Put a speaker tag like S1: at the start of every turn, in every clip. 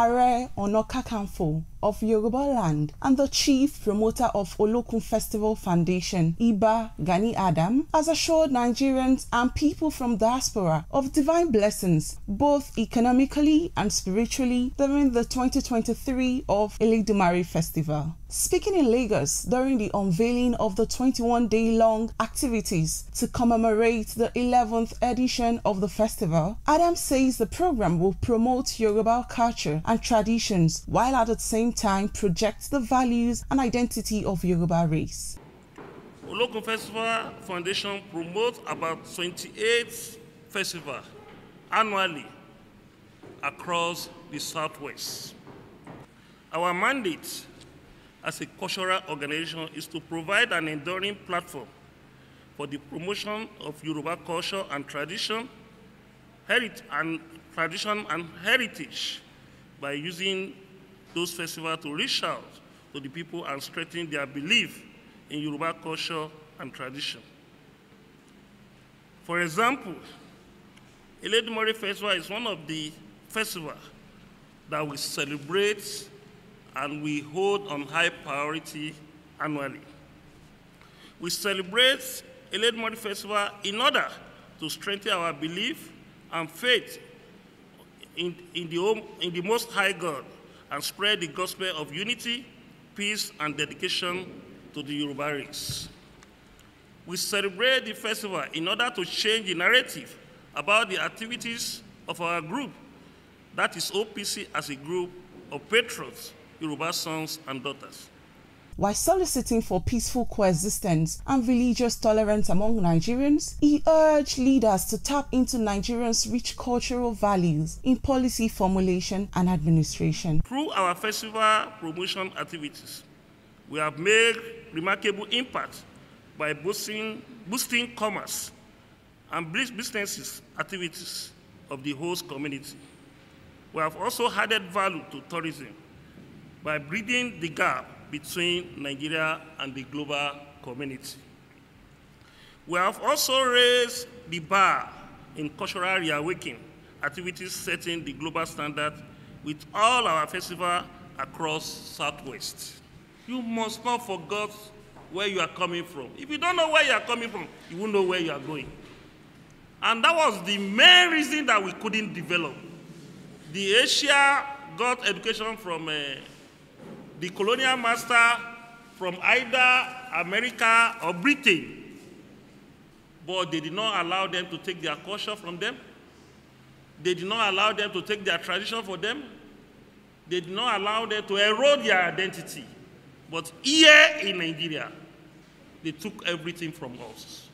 S1: ààrẹ ọ̀nà kakanfò of Yoruba Land and the chief promoter of Olokun Festival Foundation, Iba Gani Adam, has assured Nigerians and people from diaspora of divine blessings, both economically and spiritually, during the 2023 of Ilidumari Festival. Speaking in Lagos during the unveiling of the 21 day long activities to commemorate the 11th edition of the festival, Adam says the program will promote Yoruba culture and traditions while at the same same time projects the values and identity of Yoruba race.
S2: Local Festival Foundation promotes about 28 festivals annually across the Southwest. Our mandate as a cultural organization is to provide an enduring platform for the promotion of Yoruba culture and tradition, heritage and tradition and heritage by using those festivals to reach out to the people and strengthen their belief in Yoruba culture and tradition. For example, Eledumare Festival is one of the festivals that we celebrate and we hold on high priority annually. We celebrate Eledumare Festival in order to strengthen our belief and faith in, in, the, in the most high God, and spread the gospel of unity, peace, and dedication to the Yoruba race. We celebrate the festival in order to change the narrative about the activities of our group, that is OPC as a group of patriots, Yoruba sons and daughters.
S1: While soliciting for peaceful coexistence and religious tolerance among Nigerians, he urged leaders to tap into Nigerians' rich cultural values in policy formulation and administration.
S2: Through our festival promotion activities, we have made remarkable impact by boosting, boosting commerce and businesses activities of the host community. We have also added value to tourism by bridging the gap between Nigeria and the global community. We have also raised the bar in cultural reawakening activities setting the global standard with all our festivals across Southwest. You must not forget where you are coming from. If you don't know where you are coming from, you won't know where you are going. And that was the main reason that we couldn't develop. The Asia got education from uh, the colonial master from either America or Britain, but they did not allow them to take their culture from them. They did not allow them to take their tradition for them. They did not allow them to erode their identity. But here in Nigeria, they took everything from us.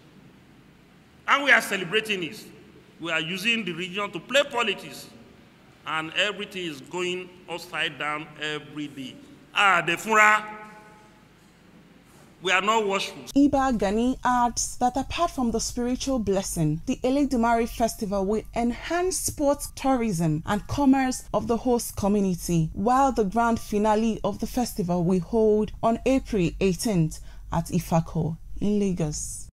S2: And we are celebrating this. We are using the region to play politics. And everything is going upside down every day the fúnra. We are not worshippers.
S1: Iba Gani adds that apart from the spiritual blessing, the Elegdumari festival will enhance sports, tourism, and commerce of the host community, while the grand finale of the festival will hold on April 18th at Ifako in Lagos.